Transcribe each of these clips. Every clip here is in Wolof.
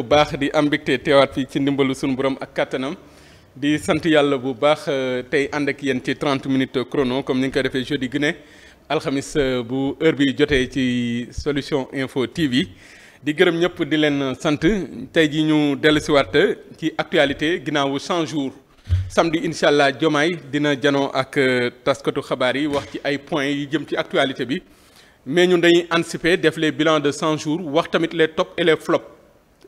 bu baax di am mbégte teewaat fii ci ndimbalu suñu borom ak kattanam di sant yàlla bu baax euh, tey ànd ak yéen ci 30 minutes chrono comme ni nga ko defee jeudi gu ne alxamis euh, bu heure bi jotee ci solution info TV di gërëm ñëpp di leen sant tey ji ñu dellusiwaat ci actualité ginnaawu 100 jours samedi incha allah Diomaye dina janoo ak euh, taskatu xabaar yi wax ci ay points yi jëm ci actualité bi mais ñun dañuy anticiper def les bilans de 100 jours wax tamit les tops et les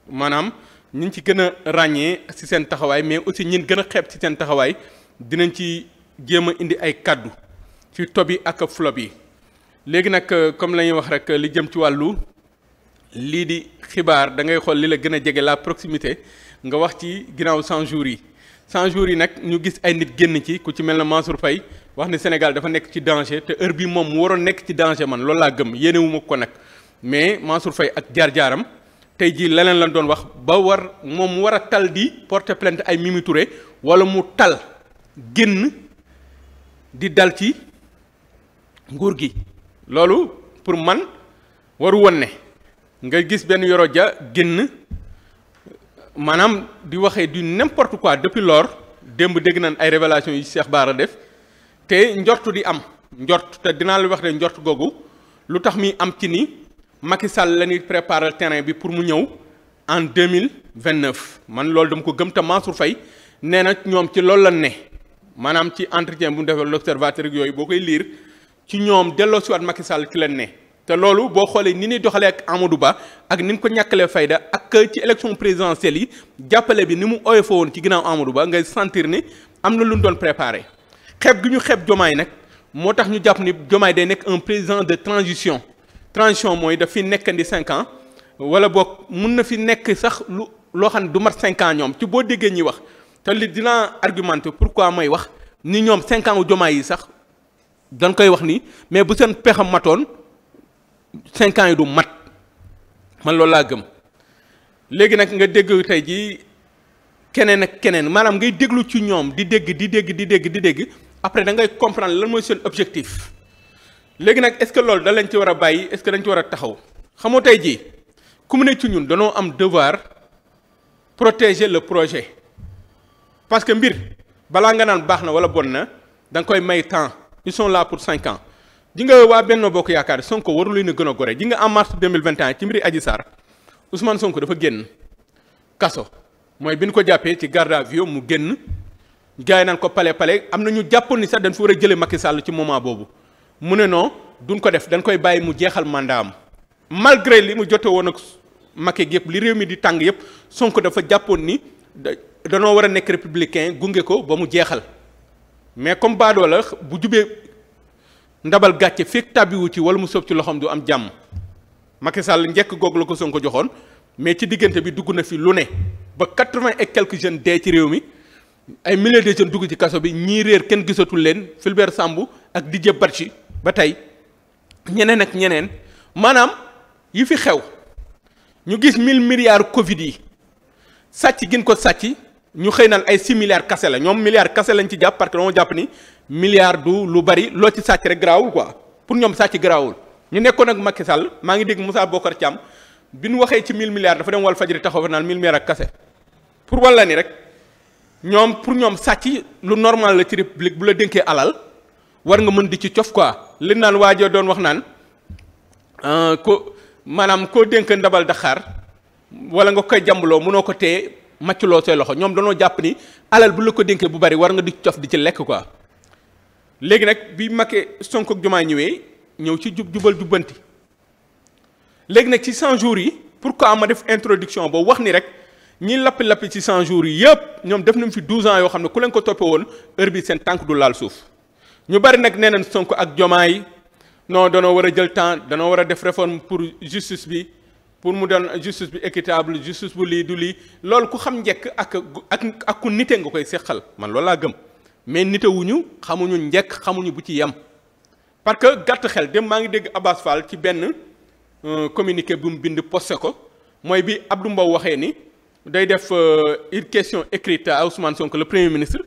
maanaam ñi ci gën a ràññee ci seen taxawaay mais aussi ñin gën a xeeb ci seen taxawaay dinañ ci jéem a indi ay kàddu ci top yi ak flop yi léegi nag euh, comme la ñuy wax rek li jëm ci wàllu lii di xibaar da ngay xool li la gën a jege la proximité nga wax ci ginnaaw 100 jours yi 100 jours yi nag ñu gis ay nit génn ci ku ci mel ne Mansour Faye wax ne Sénégal dafa nekk ci danger te heure bii moom mu waroon nekk ci danger man loolu laa gëm yéene wu ko nag mais Mansour Faye ak jaar-jaaram tey jii leneen lan doon wax ba war moom mu war a tal di porte plainte ay Mimi Touré wala mu tal génn di dal ci nguur gi loolu pour man waru woon ne nga gis benn Yoro Dia génn maanaam di waxee di du n'importe quoi depuis lor démb dégg nañ ay révélation yi Cheikh Bara def te njort di am njort te dinaa la wax ne njort googu lu tax muy am ci ni Macky Sall la ñuy préparer terrain bi pour mu ñëw en deux mille vingt neuf man loolu dama ko gëm te Mansour Faye nee na ñoom ci loolu la ne maanaam ci entretien bu mu defee l'observateur yooyu boo koy liir ci ñoom delloo si waat Macky Sall ci la ne te loolu boo xoolee ni ñuy doxalee ak Amadou Ba ak ni ñu ko ñàkkalee fayda ak ci élection présidentielle yi jàppale bi ni mu oyofoo woon ci ginnaaw Amadou Ba ngay sentir ni am na lu ñu doon préparé xeeb gi ñu xeeb jomaay nag moo tax ñu jàpp ni jomaay day nekk un président de transition transition mooy daf fi nekkandi cinq ans wala boog mun na fi nekk sax lu loo xam ne du mat cinq ñoom ci boo déggee ñi wax te li dinaa pour quoi may wax ni ñoom cinq ans yi sax dañ koy wax nii mais bu seen pexam matoon cinquants yi du mat man loolu laa gëm léegi nag nga dégg tey jii keneen ak keneen maanaam ngay déglu ci ñoom di dégg di dégg di dégg di dégg après da ngay comprendre lan mooy seen objectif léegi nag est-ce que loolu da ci war a bàyyi est-ce dañ ci war a taxaw xamoo tey jii ku mu ne ci ñun danoo am devoir protéger le projet parce que mbir balaa nga naan baax na wala bon na da nga koy may temps ils sont la pour cinq ans ji nga waa Benno Bokk Yaakaar Sonko warul leen a gën a gore ji nga en mars 2021 ci mbiri Adji Sarr Ousmane Sonko dafa génn kaso mooy bi nu ko jàppee ci garde à vue mu génn gars yi naan ko pale pale am na ñu jàppoon ni sax dañ fa war a jëlee Macky Sall ci moment boobu. mu ne non duñ ko def dañ koy bàyyi mu jeexal mandat am malgré li mu jote woon ak Macky yëpp li réew mi di tàng yëpp Sonko dafa jàppoon ni danoo war a nekk républicain gunge ko ba mu jeexal mais comme baadoo la bu jubee ndabal gàcce fekk tàbbiwu ci wala mu soob ci loxoom du am jàmm Macky Sall njëkk googu la ko Sonko joxoon mais ci diggante bi dugg na fi lu ne ba quatre-vingt et quelques jeunes dee ci réew mi ay milliers de jeunes dugg ci kaso bi ñii réer kenn gisatul leen Fulbert Sambou ak Didier Badji ba tey ñeneen ak ñeneen maanaam yi fi xew ñu gis mille milliards Covid yi sàcc gin ko sàcc ñu xëy naan ay six milliards kase la ñoom milliards kase lañ ci jàpp parce dama jàpp ni milliards du lu bari loo ci sàcc rek garaawul quoi pour ñoom sàcc garaawul ñu nekkoon ak Macky Sall maa ngi dégg Moussa Bokar Thiam bi nu waxee ci mille milliards dafa dem wal fajri taxaw fa naan mille ak kase pour walla ni rek ñoom pour ñoom sàcc lu normal la ci république bu la dénkee alal. war nga mën di ci cof quoi li naan waajoo doon wax naan euh, ko maanaam koo dénk ndabal daxaar wala nga koy jàmbaloo munoo ko téye màcculoo say loxo ñoom danoo jàpp ni alal bu la ko dénkee bu bari war nga di cof di ci lekk quoi léegi nag bi Macky Sonko ak Diomaye ñëwee ñëw ci jub jubal jubbanti léegi nag ci 100 jour yi pour pourquoi a def introduction boobu wax ni rek ñi lappi lappi ci 100 jours yi yëpp ñoom def nañ fi 12 ans yoo xam ne ku leen ko toppee heure bi seen tànk du laal suuf. ñu bari nag nee nañ Sonko ak Diomaye yi non danoo war a jël temps danoo war a def réforme pour justice bi pour mu doon justice bi équitable justice bu lii du lii loolu ku xam njekk ak ak ak ku nite nga koy seqal man loolu laa gëm mais nite wuñu xamuñu njëkk xamuñu bu ci yem. parce que gàtt xel dem maa ngi dégg Abbas Fall ci benn euh, communiqué bu mu bind posté ko mooy bi Abdou Mbow waxee ni day def euh, une question écrite à Ousmane Sonko le premier ministre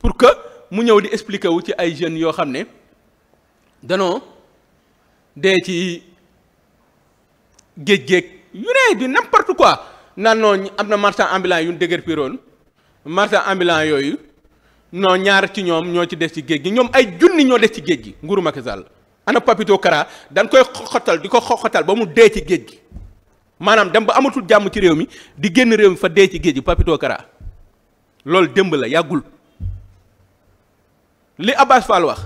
pour que. mu ñëw di expliquer wu ci ay jeunes yoo xam ne danoo dee ci géej-géeg yu ne di n'importe quoi naan noonu am na marchand ambulant yu dëgër piroon marchand ambulant yooyu non ñaar ci ñoom ñoo ci des ci géej gi ñoom ay junni ñoo des ci géej gi nguuru Macky Sall ana Papito Kara dañ koy xoxotal di ko xoxotal ba mu dee ci géej gi maanaam dem ba amatul jàmm ci réew mi di génn réew mi fa dee ci géej gi Papito Kara loolu démb la yàggul li Abass Fall wax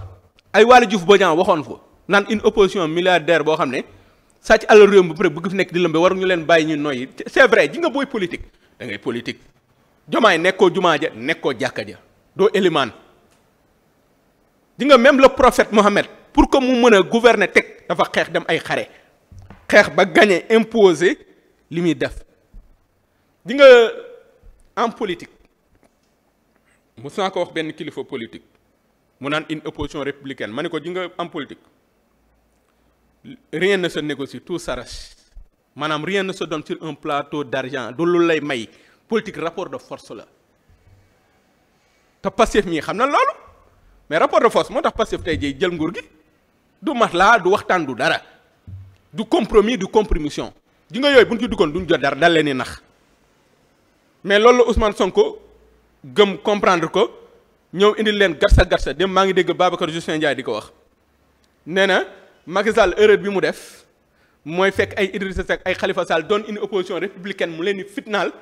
ay Waly Diouf Bodian waxoon ko naan une opposition milliardaire boo xam ne sàcc alal réew mi ba pare bëgg fi nekk di war ñu leen bàyyi ñu noyyi c'est vrai ji nga booy politique da ngay politique jomaay nekkoo jumaa ja nekkoo jàkka ja doo élimaan di nga même la prophète Mohammed pour que mu mën a gouverner teg dafa xeex dem ay xare xeex ba gagné imposer li muy def di nga en politique mos naa ko wax benn kilifa politique mu naan une opposition républicaine ma ne ko ji nga am politique rien ne se négocie tout s'arrache maanaam rien ne se donne sur un plateau d'argent du lu lay may politique rapport de force la te Pastef mii xam na loolu mais rapport de force moo tax Pastef tey jii jël nguur gi du mat laa du waxtaan du dara du compromis du compromission ji nga yooyu bu ñu ci duggoon duñ jot dara dal leen ni nax mais loolu la son ko gëm comprendre ko. ñëw indil leen garsa garsa dem maa ngi dégg Babacar Justin Ndiaye di ko wax nee na Macky Sall erreur bi mu def mooy fekk ay Idrissa Seck ay Khalifa Sall doon une opposition républicaine mu leen di fitnaal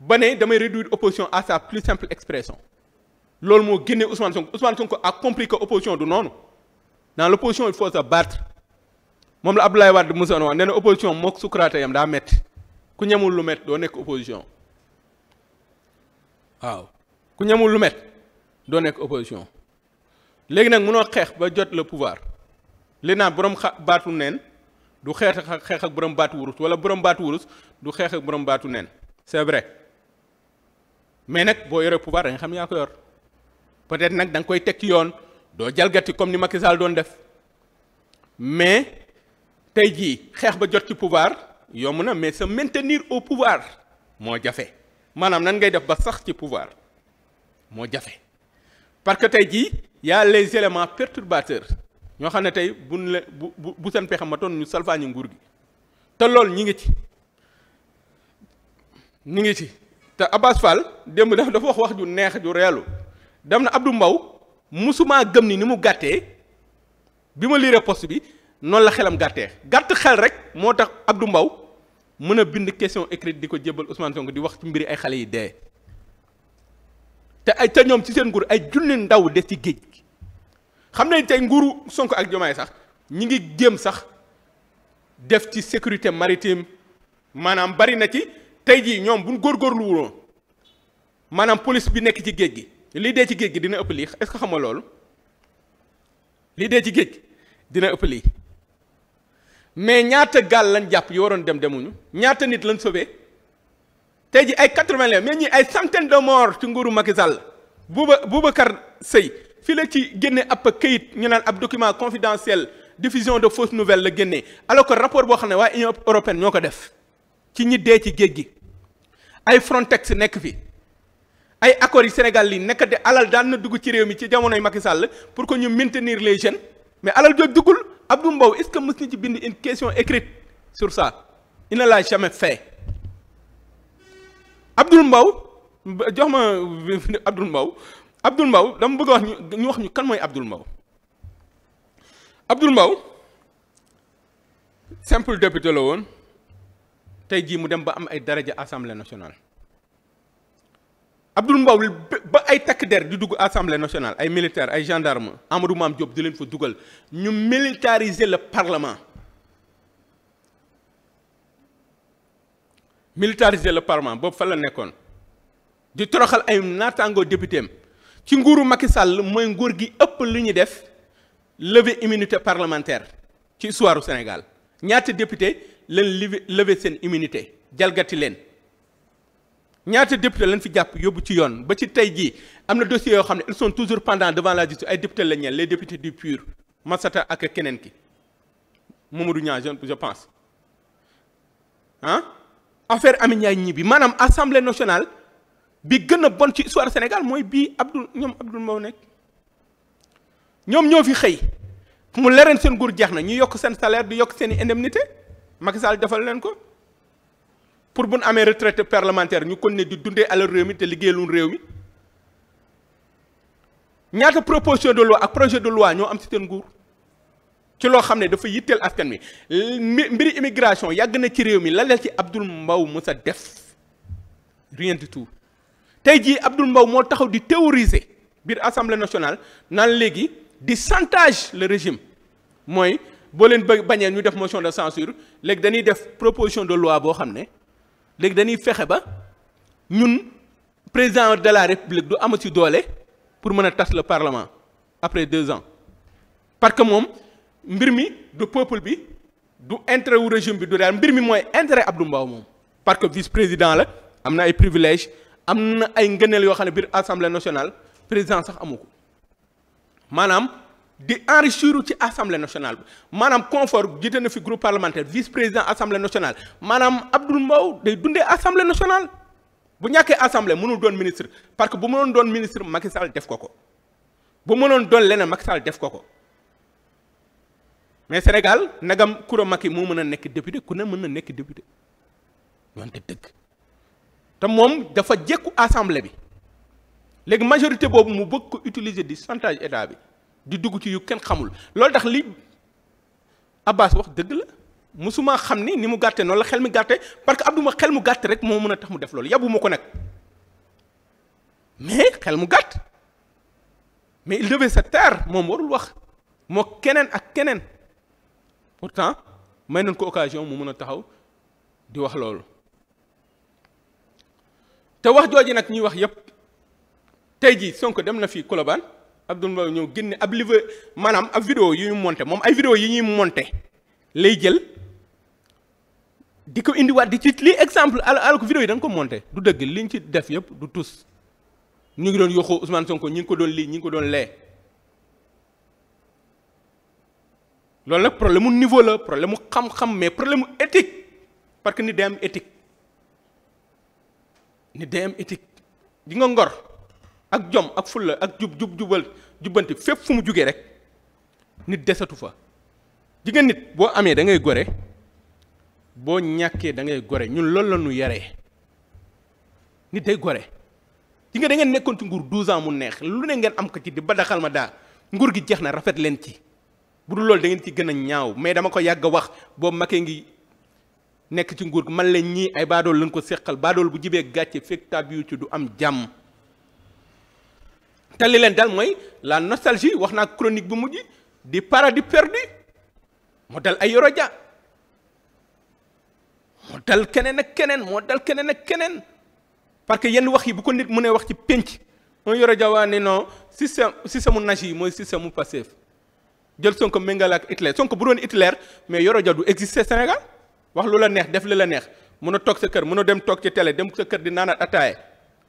ba ne damay réduire opposition à sa plus simple expression loolu moo génnee Ousmane Sonko Ousmane ko ak compris que opposition du noonu dans l' opposition il faut se battre moom la Abdoulaye Wade Moussa wax nee na opposition mook Socrate yam daa métti ku ñemul lu métti doo nekk opposition waaw ku lu métti doo nekk opposition léegi nag mënoo xeex ba jot la pouvoir li naa borom xa baatu neen du xeex ak xeex borom baatu wurus wala borom baatu wurus du xeex ak borom baatu neen c'est vrai mais nag boo yore pouvoir da nga xam yaa ko yor peut-être nag da nga koy teg yoon doo jalgati comme ni Macky Sall doon def mais tey jii xeex ba jot ci pouvoir yomb na mais se maintenir au pouvoir moo jafe maanaam nan ngay def ba sax ci pouvoir moo jafe. parce que tey jii y les les éléments perturbateurs ñoo xam ne tey buñ la bu bu bu seen ma matoon ñu salfaañu nguur gi te loolu ñi ngi ci ñi ngi ci te Abass Fall démb dafa dafa wax wax ju neex ju reelu dem na Abdou Mbow musuma gëm ni ni mu gàttee bi ma liire poste bi noonu la xelam gàttee gàtt xel rek moo tax Abdou mbaw mën a bind question écrite di ko jébbal Ousmane Sonko di wax mbiri ay xale yi dee te ay te ñoom ci seen nguur ay junni ndaw des ci géej gi xam nañ tey nguuru sonk ak Diomaye sax ñi ngi jéem sax def ci sécurité maritime maanaam bari na ci tey jii ñoom buñ góor wuroon maanaam police bi nekk ci géej gi lii dee ci géej gi dina ëpp lii est-ce que xam nga loolu lii dee ci géej gi dina ëpp lii mais ñaata gaal lañ jàpp yi waroon dem demuñu ñaata nit lañ sauvé tey ji ay quatre-vingts la mais ñi ay centaine de morts ci nguuru Macky Sall Bouba Boubacar Sèye fii la ci génne ab kayit ñu naan ab document confidentiel diffusion de fausses nouvelles la génne alors que rapport boo xam ne waa Union européenne ñoo ko def ci ñi dee ci géej gi ay Frontex nekk fi ay accords yi Sénégal li nekk de alal daan na dugg ci réew mi ci jamonoy Macky pour que ñu maintenir les jeunes mais alal jooju duggul Abdou Mbow est-ce que mës ñu ci bind une question écrite sur ça il l'a jamais fait Abdoul Mbaw jox ma Abdoul Mbaw Abdoul Mbaw dama bëgg a wax ñu wax ñu kan mooy Abdoul Mbaw Abdoul Mbaw simple député la woon tey jii mu dem ba am ay daraja assemblée nationale Abdoul Mbaw ba ay takk der di dugg assemblée nationale ay militaire ay gendarme Amadou Mame Diop di leen fa dugal ñu militariser le parlement militariser le parlement boobu fa la nekkoon di toroxal ay naataangoo député am ci nguuru Macky sàll mooy nguur gi ëpp lu ñu def lever immunité parlementaire ci histoire Sénégal ñaata député leen lever seen immunité jalgati leen ñaata député lañ fi jàpp yóbbu ci yoon ba ci tey jii am na dossiers yoo xam ne ils sont toujours pendant devant la justice ay député la ñeel les députés du PUR Massata ak keneen ki Mamadou Niang je pense ah affaire Amy Ndiaye ñi bi maanaam assemblée nationale bi gën a bon ci histoire Sénégal mooy bii Abdoul ñoom Abdoul moo nekk ñoom ñoo fi xëy mu lereen seen nguur jeex na ñu yokk seen salaire di yokk seen i indemnité Macky defal leen ko pour bu ñu amee retraite parlementaire ñu kon ne di dundee alal réew mi te liggéeyalul réew mi ñaata proposition de loi ak projet de loi ñoo am si seen nguur ci loo xam ne dafa yitteel askan wi mbir immigration yàgg na ci réew mi la leel ci Abdoul Mbaw mu sa def rien du tout tey jii Abdoul Mbaw moo taxaw di théoriser biir assemblée nationale naan léegi di chantage le régime mooy boo leen bëgg bañee ñu def motion de censure léegi dañuy def proposition de loi boo xam ne léegi dañuy fexe ba ñun président de la république du amati doole pour mën a tas le parlement après deux ans parce que moom mbir mi du peuple bi du intérêt wu régime bi du daal mbir mi mooy intérêt Abdou Mbow moom parce que vice président la am na ay privilège am na ay ngëneel yoo xam ne biir assemblée nationale président sax amu ko maanaam di enrichir ci assemblée nationale bi maanaam confort jiite na fi groupe parlementaire vice président assemblée nationale maanaam Abdou Mbow day dundee assemblée nationale bu ñàkkee assemblée mënul doon ministre parce que bu mënoon doon ministre Macky Sall def ko ko bu mënoon doon leneen Macky def ko ko. mais Sénégal nagam Coura Macky moo mën a nekk député ku ne mën na nekk député wante dëgg te moom dafa jekku assemblée bi léegi majorité boobu mu bëgg ko utiliser di chantage état bi di dugg ci yu kenn xamul loolu tax li Abbas wax dëgg la mosuma xam ni ni mu gàtte noonu la xel mi gàtte parce que Abdou ma xel mu gàtt rek moo mën a tax mu def loolu yabu ko nag mais xel mu gàtt mais il devait se moom warul wax moo keneen ak keneen. pourtant may nañ ko occasion mu mën a taxaw di wax loolu te wax jooju nag ñuy wax yépp tey jii Sonko dem na fii Colobane Abdoul Mbaw ñëw génne ab liver maanaam ab vidéo yi ñu monté moom ay vidéo yi ñuy monté lay jël di ko indiwaat di ci lii exemple al al ko vidéo yi dañ ko monte du dëgg liñ ci def yépp du tus ñu ngi doon yoxoo Ousmane Sonko ñu ngi ko doon lii ñi ngi ko doon lee loolu nag problème mu niveau la problème mu xam-xam mais problème mu éthique parce que nit day am éthique nit day am éthique di ngor ak jom ak fulla ak jub jub jubal jubbanti fépp fu mu jógee rek nit desatu fa di nit boo amee da ngay gore boo ñàkkee da ngay gore ñun loolu la ñu yare nit day gore di nga da ngeen nekkoon ci nguur 12 ans mu neex lu ne ngeen am ko ci di ba daxal ma daa nguur gi jeex na rafet leen ci bu du lool da ngeen ci gën a ñaaw mais dama ko yàgg a wax boobu magee ngi nekk ci nguur man leen ñii ay baadool lañ ko seqal baadool bu jibee gàcce fekk tab yu ci du am jàmm te li leen dal mooy la nostalgie wax naa chronique bu mujj di paradis perdu moo dal ay yoroja moo dal keneen ak keneen moo dal keneen ak keneen parce que yenn wax yi bu ko nit ne wax ci pénc mooy yoroja waa ne non système système mu nag yi mooy système mu passif jël Sonko méngale ak Hitler Sonko bu doon Hitler mais Yoro Dia du exister Sénégal wax lu la neex def li la neex mën a toog sa kër mën a dem toog ci télé dem sa kër di naanaat ataaye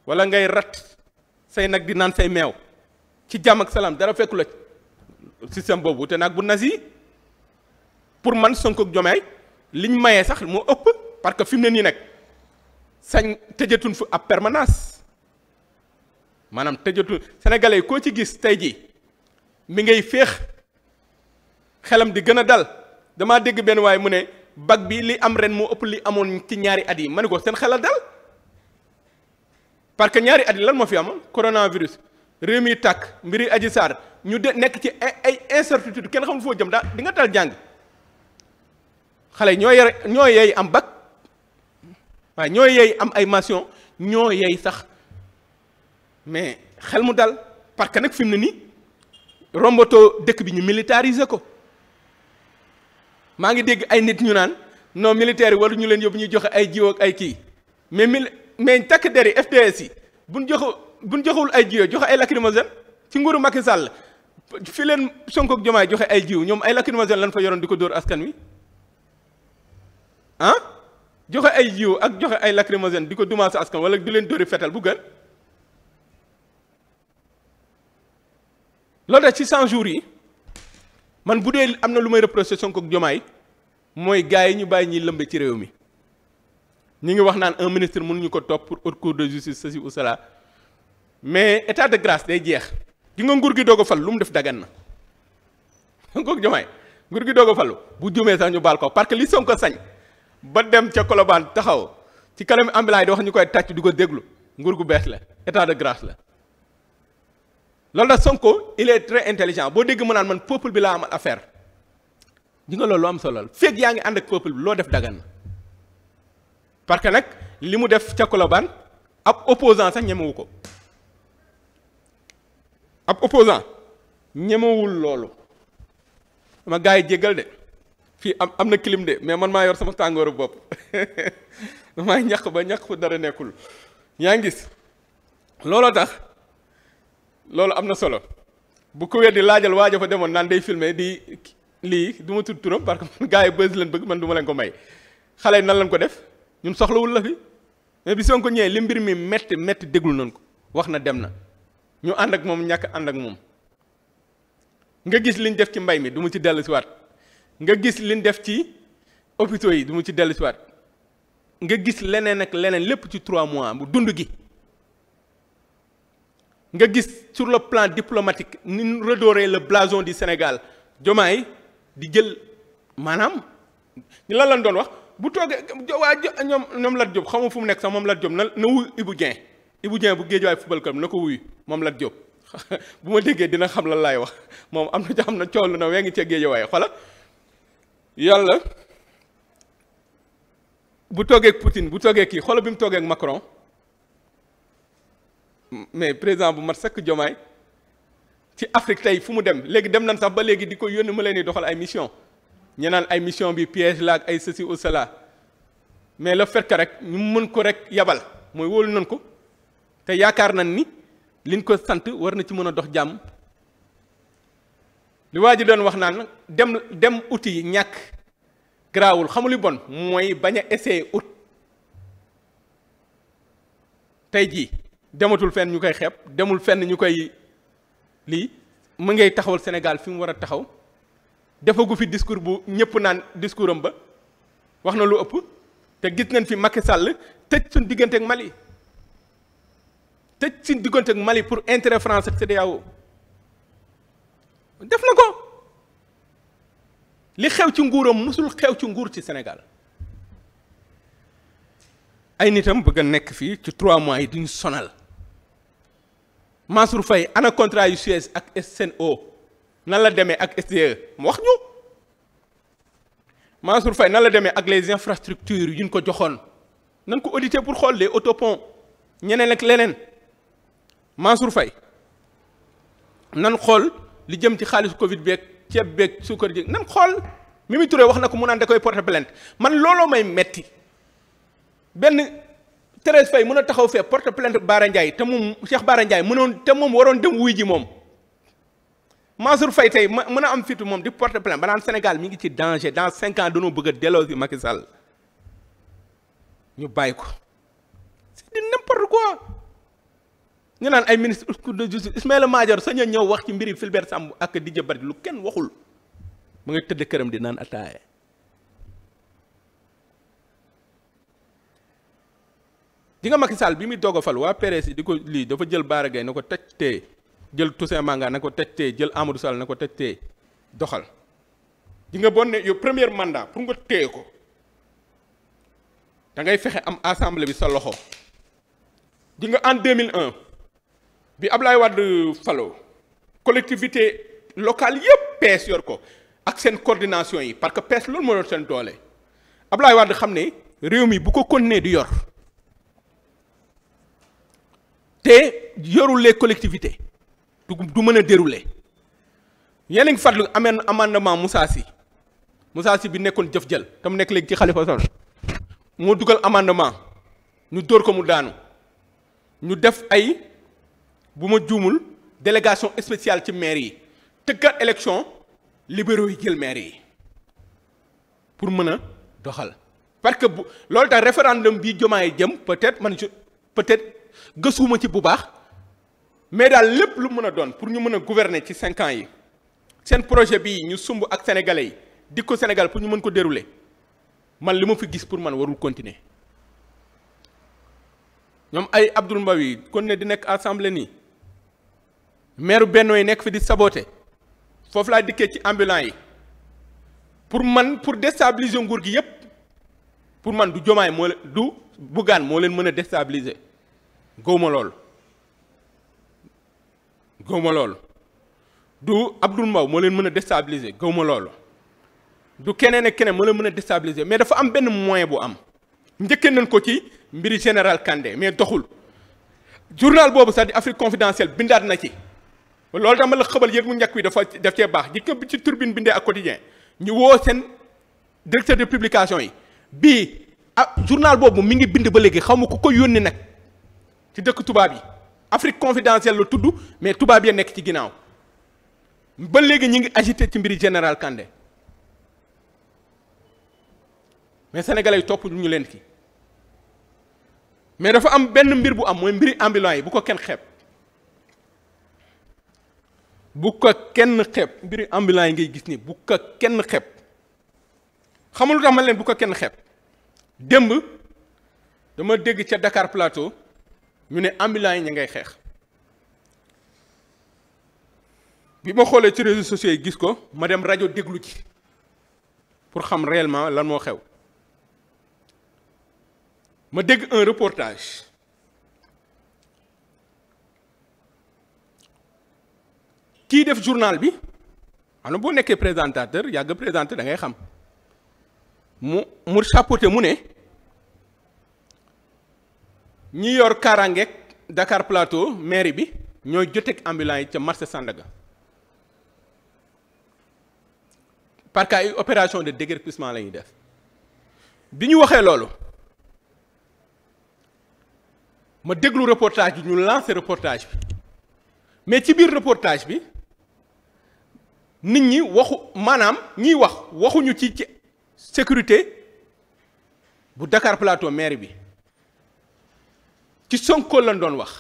wala ngay rat say nag di naan say meew ci jàmm ak salaam dara fekku la système boobu te nag bu nazi pour man sonk ak Diomaye liñ mayee sax moo ëpp parce que fi mu ne nii nag sañ tëjatuñ fu ab permanence maanaam tëjatu sénégalais koo ci gis tey jii mi ngay feex xelam di gën a dal damaa dégg benn waaye mu ne bac bi li am ren moo ëpp li amoon ci ñaari at yi ma ne ko seen xelal dal parce que ñaari at yi lan moo fi amoon coronavirus réew mi tàkk mbiri aji saar ñu de nekk ci ay incertitude kenn xamul foo jëm daal di nga dal jàng xale ñoo yar ñoo yey am bag waaye ñoo yey am ay mention ñoo yey sax mais xel mu dal parce que nag fi mu ne nii rombato dëkk bi ñu militariser ko maa ngi dégg ay nit ñu naan non militaire yi waruñu leen yóbbu ñuy joxe ay jiw ak ay kii mais mil mais takk deri FDS yi buñ joxe buñ joxewul ay jiw joxe ay lacrymogène ci nguuru Macky Sall fi leen Sonko ak Jomaay joxe ay jiw ñoom ay lacrymogène lan fa yoroon di ko dóor askan wi ah joxe ay jiw ak joxe ay lacrymogène di ko dumaa sa askan wala di leen dóori fetal bu gën lool tax ci 100 jours yi. man bu dee am na lu may reproché Sonko ak jomaay mooy gars yi ñu bàyyi ñiy lëmbe ci réew mi ñu ngi wax naan un ministre ñu ko topp pour haute cour de justice ceci ou cela mais état de grâce day jeex gi nga nguur gi doog ko fal lu mu def daggan na Sonko ak Diomaye nguur gi doog ko falu bu jumee sax ñu baal ko parce que li Sonko sañ ba dem ca Colobane taxaw ci kanam ambulance di wax ñu koy tàcc di ko déglu nguur gu bees la état de grâce la loolu nag Sonko il est très intelligent boo dégg mu naan man peuple bi laa amal affaire di nga loolu lu am solo la yaa ngi ànd ak peuple bi loo def dagan na parce que nag li mu def ca Colobane ab opposant sax ñemewu ko ab opposant ñemewul loolu ma gars yi jéggal de fii am am na clim de mais man maa yor sama tàngooru bopp damay ñaq ba ñaq fu dara nekkul yaa ngi gis looloo tax loolu am na solo bu ko weddi laajal waajo fa demoon naan day filmer di lii du ma tudd turam parce que gars yi bës leen bëgg man du leen ko may xale na lañ ko def ñun soxlawul la fi mais bi Sonko ñëwee li mbir mi métti métti déglu nañ ko wax na dem na ñu ànd ak moom ñàkk ànd ak moom nga gis liñ def ci mbay mi duma ci dellu si nga gis liñ def ci hôpitaux yi du ci dellu si waat nga gis leneen ak leneen lépp ci trois mois bu dund gi nga gis sur le plan diplomatique ni ñu redorer blason di Sénégal Diomaye di jël maanaam ñu lan lañ doon wax bu toogee waa ñoom ñoom Lat Diop xamuma fu mu nekk sax moom Lat job na na wuyu Ibou Dieng Ibou Dieng bu Guédiawaye Football Club na ko wuyu moom Lat Diop bu ma déggee dina xam lan laay wax moom am na ca xam na coow na wee ngi ca Guédiawaye xoola yàlla bu toogee ak Poutine bu toogee kii xoola bi mu toogee ak Macron mais président bu mat sëkk Diomaye ci Afrique tey fu mu dem léegi dem nañ sax ba léegi di ko yónni ma leen di doxal ay mission ñenaan naan ay mission bi piège laa ak ay ceci ou cela mais la fait que rek ñu mën ko rek yabal mooy wóolu nañ ko te yaakaar nañ ni liñ ko sant war na ci mën a dox jàmm li waa ji doon wax naan dem dem uti ñàkk garaawul xamu li bon mooy bañ a essayer ut tey jii dematul fenn ñu koy xeeb demul fenn ñu koy lii mu ngay taxawal Sénégal fi mu war a taxaw defagu fi discours bu ñëpp naan discours ba wax na lu ëpp te gis nañ fi Macky sàll tëj suñ diggante ak Mali tëj suñ diggante ak Mali pour intérêt France ak CEDEAO def na ko li xew ci nguuram musul xew ci nguur ci Sénégal ay nitam bëgg a nekk fii ci trois mois yi duñu sonal Mansour fay ana contrat yu Suez ak SNO nan la demee ak SDE mu wax ñu Mansour fay nan la demee ak les infrastructures yuñ ko joxoon nan ko auditer pour xool les autoponts ñeneen ak leneen Mansour fay nan xool li jëm ci xaalis Covid beeg ceeb beeg suukar ji nan xool Mimi Touré wax na ko mu naan da koy porter plainte man looloo may metti benn. Thérèse fay mën a taxaw fee porte plainte Bara Ndiaye te moom Cheikh Bara Ndiaye mënoon te moom waroon dem wuy ji moom Mansour Faye tey ma mën a am fitu moom di porte plainte ba naan Sénégal mi ngi ci danger dans cinq ans dañoo bëgg a delloo si Macky Sall ñu bàyyi ko c'est du n'importe quoi ñu naan ay ministre de justice Ismaïla Madior sañ a ñëw wax ci mbiri Fulbert Sambou ak Didier Badji lu kenn waxul mu nga tëdd këram di naan ataaya di nga Macky Sall bi muy doog a fal waa PRS di ko lii dafa jël Bara Gaye na ko tej tee jël Toussaint Manga na ko tej tee jël Amadou Sall na ko tej tee doxal di nga bon ne yow premier mandat pour nga téye ko da ngay fexe am assemblée bi sa loxo di nga en 2001 bi lay Wade falo collectivité locale yëpp pees yor ko ak seen coordination yi parce que pees loolu moo yor seen doole Ablaye Wade xam ne réew mi bu ko continuer di yor te yorul les collectivités du du mën a dérouler yéen a ngi fàttali ameen amendement Moussa Sy bi nekkoon jëf jël te mu nekk léegi ci Khalifa Sall moo dugal amendement ñu dóor ko mu daanu ñu def ay bu ma juumul délégation spéciale ci maire yi tëggat élection libéraux yi jël maire yi pour mën a doxal parce que bu loolu tax référendum bi jomaay jëm peut-être man peut-être gësuwuma ci bu baax mais daal lépp lu mën a doon pour ñu mën a gouverner ci cinq yi seen projet bii ñu sumb ak sénégalais yi di ko Sénégal pour ñu mën ko dérouler man li ma fi gis pour man warul continuer ñoom ay Abdoul Mbaw kon ne di nekk assemblée nii maire Benno yi nekk fi di saboté foofu laa dikkee ci ambulant yi pour man pour déstabiliser nguur gi yépp pour man du jomaay moo du buggaan moo leen mën a destabiliser gëwma loolu gëwma loolu du Abdoul Mbaw moo leen mën a déstabiliser gëwma loolu du keneen a keneen moo leen mën a déstabiliser mais dafa am benn moyen bu am njëkkee nañ ko ci mbiri général Kandé mais doxul journal boobu sax di Afrique confidentielle bindaat na ci loolu dama la xëbal yëg mu njëkk wi dafa daf cee baax jikko bi ci turbine bindee ak quotidien ñu woo seen directeur de publication yi bii ah journal boobu mu ngi bind ba léegi xaw ma ku ko nag ci dëkk tubaab yi Afrique confidentielle la tudd mais tubaab ya nekk ci ginnaaw ba léegi ñu ngi agité ci mbiri général Kandé mais sénégalais yi topp ñu leen ki mais dafa am benn mbir bu am mooy mbiri ambulant yi bu ko kenn xeeb bu ko kenn xeeb mbiri ambulant yi ngay gis ni bu ko kenn xeeb xamul lu tax ma leen bu ko kenn xeeb démb dama dégg ca Dakar Plateau ñu ne ambulants yi ñu ngay xeex bi ma xoolee ci réseaux sociaux yi gis ko ma dem rajo déglu ci pour xam réelement lan moo xew ma dégg un reportage kii def journal bi alors boo nekkee présentateur yàgg présenté da ngay xam mu mu chapeauté mu ne ñi yor kaaraangeeg Dakar Plateau mairie bi ñooy joteeg ambulants yi ca marché Sandaga parce que opération de déguerpissement la ñuy def bi ñu waxee loolu ma déglu reportage bi ñu lancé reportage bi mais ci biir reportage bi nit ñi waxu maanaam ñiy wax waxuñu ci sécurité bu Dakar Plateau mairie bi. ci Sonko lañ doon wax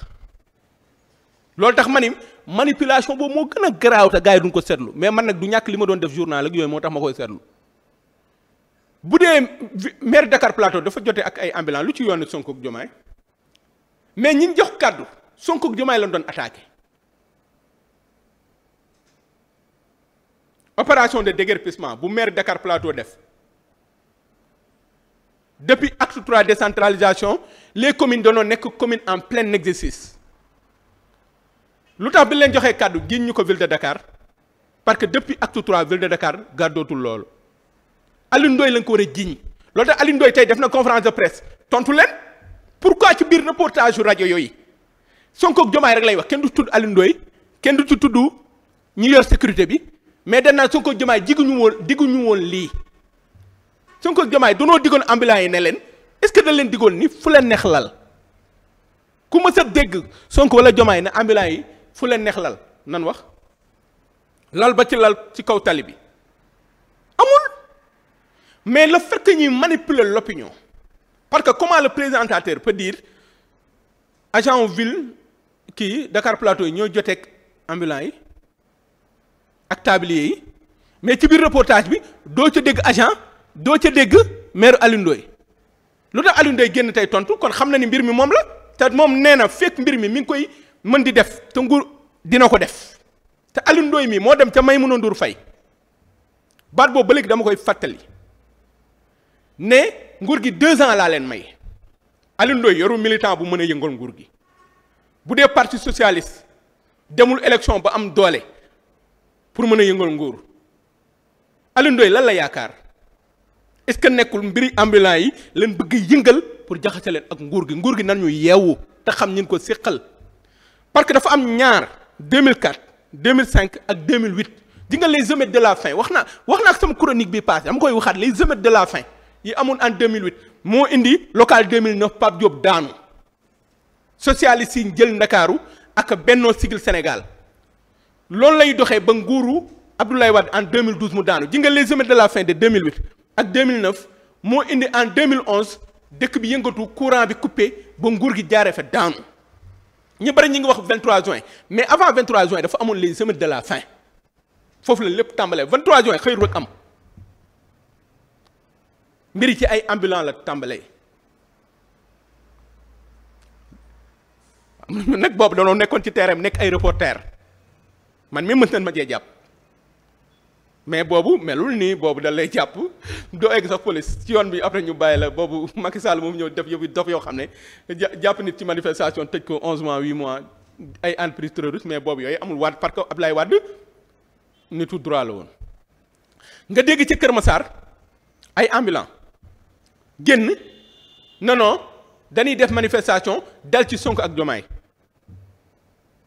loolu tax ma ni manipulation boobu moo gën a garaaw te gars yi duñ ko seetlu mais man nag du ñàkk li ma doon def journal ak yooyu moo tax ma koy seetlu bu dee maire Dakar Plateau dafa jote ak ay ambulants lu ci yoon Sonko ak Diomaye mais ñi jox kàddu Sonko ak lañ doon attaqué opération de déguerpissement bu maire Dakar Plateau def depuis acte trois décentralisation les communes danoo nekk commune en plein exercice lu tax bi leen joxee kàddu giñ ñu ko ville de Dakar parce que depuis acte trois ville de Dakar gàddootul loolu Alioune Ndoye la nga ko war a jiiñ loolu tax Alioune Ndoye tey def na conférence de presse tontu leen pourquoi ci biir reportage yu rajo yooyu Sonko ak Diomaye rek lay wax kenn du tudd Alioune Ndoye kenn du ci tudd ñu yor sécurité bi mais danaa Sonko ak Diomaye jiguñu woon Sonko ak Diomaye danoo diggoon ambulants yi ne leen est-ce que dañ leen diggoon ni fu leen neex lal ku mës a dégg Sonko wala yi ne ambulants yi fu leen neex lal nan wax lal ba ci lal ci kaw tali bi amul mais la fekk que ñuy manipuler l'opinion parce que comment le présentateur peu dire agent ville kii Dakar Plateau yi ñoo joteeg ambulants yi ak tablier yi mais ci biir reportage bi doo ca dégg agent doo ca dégg maire Alioune lu tax Alioune génn tey tontu kon xam na ni mbir mi moom la te moom nee na fekk mbir mi mi ngi koy mën di def te nguur dina ko def te Alioune Ndoye mi moo dem ca may Maïmouna Ndour Faye baat boobu ba léegi dama koy fàttali ne nguur gi deux ans laa leen may Alioune Ndoye yoru militant bu mën a yëngal nguur gi bu dee parti socialiste demul élection ba am doole pour mën a yëngal nguur Alioune Ndoye lan la yaakaar. est-ce que nekkul mbiri ambulant yi leen bëgg yëngal pour jaxase leen ak nguur gi nguur gi nan ñu yeewu te xam ñin ko séqal parce que dafa am ñaar mille 2004 2005 ak 2008 di nga les émeutes de la faim wax na wax naa ak sama chronique bi passé am koy waxaat les émeutes de la faim yi amoon en 2008 moo indi local 2009 Pape Diop daanu socialiste yi jël ndakaaru ak Benno Siggil Sénégal loolu lay doxee ba nguuru Abdoulaye Wade en 2012 ak 2009 moo indi en 2011 dëkk bi yëngatu courant bi coupé ba nguur gi jaaree fa daanu ñu bari ñu ngi wax 23 juin mais avant 23 juin dafa amoon les semaines de la faim foofu la lépp tàmbalee 23 juin xëyru rek am mbiri ci ay ambulants la tàmbalee. nag boobu dañoo nekkoon ci terrain nekk ay reporter man mi mën nañ ma jàpp. mais boobu melul nii boobu dal lay jàpp doo egg sax police ci yoon bi après ñu bàyyi la boobu Macky Sall moom ñëw def yëpp dof yoo xam ne jàpp nit ci manifestation tëj ko 11 mois 8 mois ay entreprise terroriste mais boobu yooyu amul waat parce que Ablaye Wade nitu droit la woon. nga dégg ci Kër Massar ay ambulants génn non danuy def manifestation dal ci sonk ak Diomaye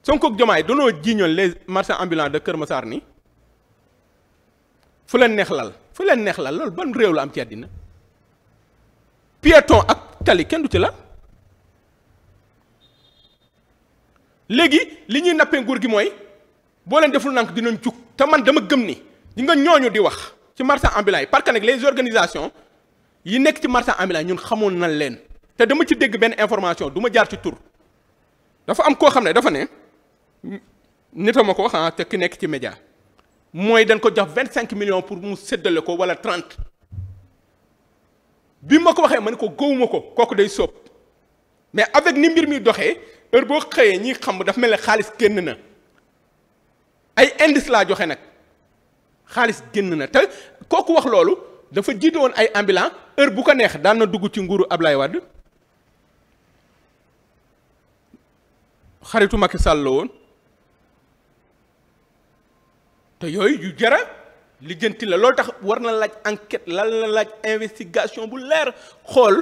Sonko ak Diomaye danoo jiiñoon les marchands ambulants de Kër masaar ni fu leen neex lal fu leen neex lal loolu ban réew la am ci àddina piéton ak tali kenn du ci la léegi li ñuy nappee nguur gi mooy boo leen deful nank dinañ jug te man dama gëm ni di nga ñooñu di wax ci marchand ambulant yi parce que nag les organisations yi nekk ci marchand ambulant ñun xamoon nañ leen te dama ci dégg benn information du ma jaar ci tur dafa am koo xam ne dafa ne nita ma ko wax ah te ki nekk ci média mooy dañ ko jox vingt cinq millions pour mu séddale ko wala trent bi ma ko waxee ma ne ko gëwuma ko kooku day sóob mais avec ni mbir mi doxee heure boo xëyee ñi xam dafa mel ne xaalis génn na ay indice laa joxe nag xaalis génn na te kooku wax loolu dafa jiite woon ay ambulants heure bu ko neex daan na dugg ci nguuru Ablaye Wade xaritu Macky Sall la woon. te yooyu yu jara lijjanti la loo tax war na laaj enquête lan la laaj investigation bu leer xool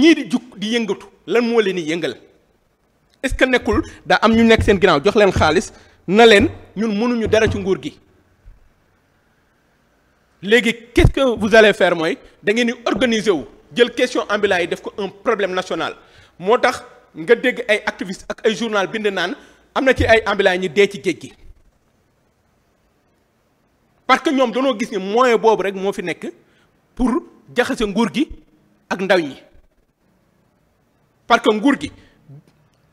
ñii di jug di yëngatu lan moo leen di yëngal est-ce que nekkul daa am ñu nekk seen ginnaaw jox leen xaalis na leen ñun mënuñu dara ci nguur gi léegi qu'est-ce que vous allez mooy da ngeen di organiser wu jël question ambulant yi def ko un problème national moo tax nga dégg ay activistes ak ay journal bind naan am na ci ay ambulant ñi dee ci géej gi. parce que ñoom dañoo gis ni moyen boobu rek moo fi nekk pour jaxase nguur gi ak ndaw ñi parce que nguur gi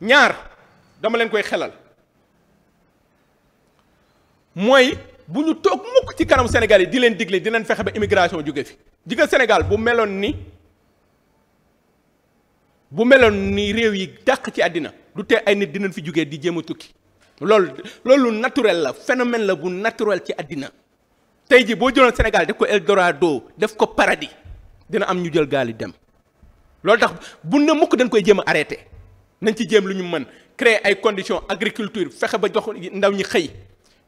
ñaar dama leen koy xelal mooy bu ñu toog mukk ci kanam Sénégal yi di leen digle dinañ fexe ba immigration jóge fi jigéen Sénégal bu meloon ni bu meloon ni réew yi dàq ci àddina du tee ay nit dinañ fi jóge di jéem a tukki loolu loolu naturel la phénomène la bu naturel ci àddina tey ji boo jëloon Sénégal def ko dorado def ko paradi dina am ñu jël gaal yi dem loolu tax bu ne mukk dañ koy jéem a arrêté nañ ci jéem lu ñu mën créer ay conditions agriculture fexe ba jox ndaw ñi xëy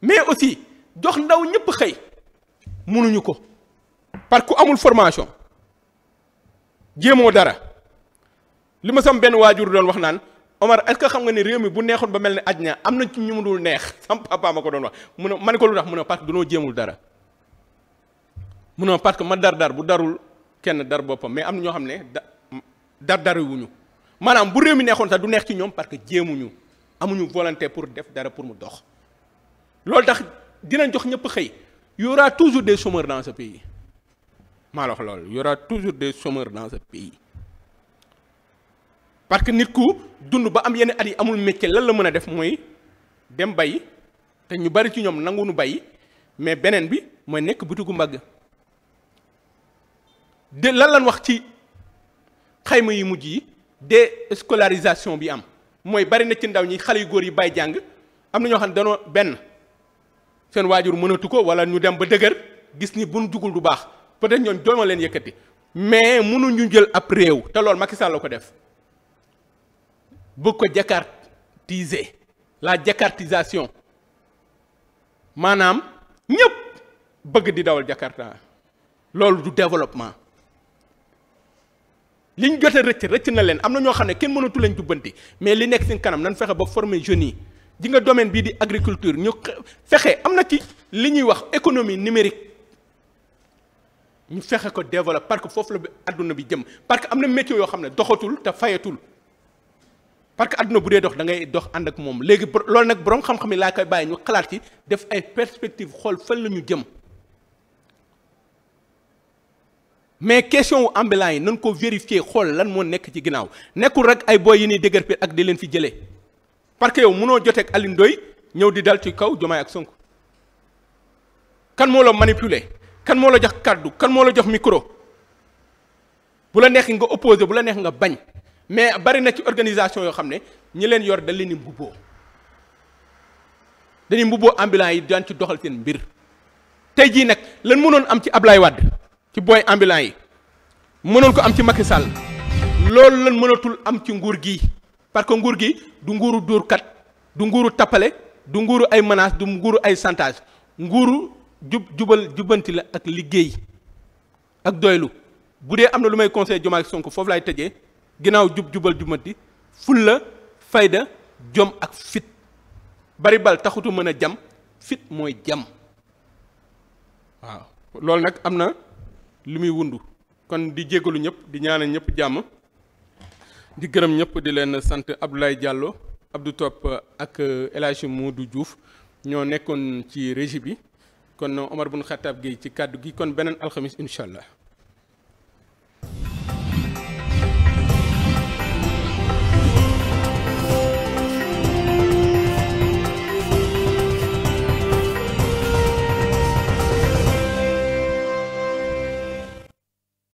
mais aussi jox ndaw ñëpp xëy mënuñu ko parce que amul formation jéemoo dara li ma sam benn waajur doon wax naan Omar est-ce xam nga ne réew mi bu neexoon ba mel ne àddina am na ci ñu mu dul neex sam papa ma ko doon wax mu a man ko lu tax mun ne parce danoo jéemul dara. munoo parce que ma dar dar bu darul kenn dar boppam mais am na ñoo xam ne da dar daruwuñu maanaam bu réew mi neexoon sax du neex ci ñoom parce que ñu amuñu volonté pour def dara pour mu dox loolu tax dinañ jox ñëpp xëy y toujours des chômeurs dans ce pays maa toujours des chômeurs dans ce parce que nit ku dund ba am yenn at yi amul métier lan la mën a def mooy dem bay te ñu bari ci ñoom nangu nu bay mais beneen bi mooy nekk butigu mbagg de lan lan wax ci xayma yi mujj yi de scolarisation bi am mooy bari na ci ndaw ñi xale yu góor yi bàyyi jàng am na ñoo xam ne danoo benn seen waajur mënatu ko wala ñu dem ba dëgër gis ni buñ jugul du baax peut-être ñoon dooma leen yëkkati mais ñu jël ab réew te loolu Macky Sall la ko def bëgg ko jakartiser la jakartisation maanaam ñëpp bëgg di dawal jakarta loolu du développement li ñu jotee rëcc rëcc na leen am na ñoo xam ne kenn mënatu leen jubbanti mais li nekk seen kanam nañ fexe ba former jeunes yi ji nga domaine bii di agriculture ñu fexe am na ci li ñuy wax économie numérique ñu fexe ko développer parce que foofu la àdduna bi jëm parce que am na métier yoo xam ne doxatul te fayatul parce que adduna bu dee dox da ngay dox ànd ak moom léegi loolu nag borom xam-xam yi laa koy bàyyi ñu xalaat ci def ay perspectives xool fan la ñu jëm. mais question wu ambulant yi nañ ko vérifier xool lan moo nekk ci ginnaaw nekkul rek ay boy yi ni dëgër pit ak di leen fi jëlee parce que yow mënoo joteeg Alioune Ndoye ñëw di dal ci kaw Diomaye ak Sonko kan moo la manipuler kan moo la jox kàddu kan moo la jox micro bu la neex nga opposé bu la neex nga bañ mais bari na ci organisation yoo xam ne ñi leen yor da leen di mbubboo dañuy mbubboo ambulant yi daan ci doxal seen mbir tey jii nag lan mënoon am ci Ablaye Wade ci booy ambulant yi mënul ko am ci Macky Sall loolu lan mënatul am ci nguur gi parce que nguur gi du nguuru dóorkat du nguuru tappale du nguuru ay menaces du nguuru ay chantage nguuru jub jubal jubanti la ak liggéey ak doylu bu dee am na lu may conseil Diomaye sonk foofu laay tëjee ginnaaw jub jubal jubanti fulla fayda jom ak fit bari taxutu mën a jam fit mooy jam waaw loolu nag am na li muy wundu kon di jégalu ñëpp di ñaanal ñëpp jàmm di gërëm ñëpp di leen sant Abdoulaye Diallo Abdou topp uh, ak uh, El Hadj du juuf ñoo nekkoon ci régie bi kon Omar bun Xattaab gi ci kàddu gi kon beneen alxamis incha allah.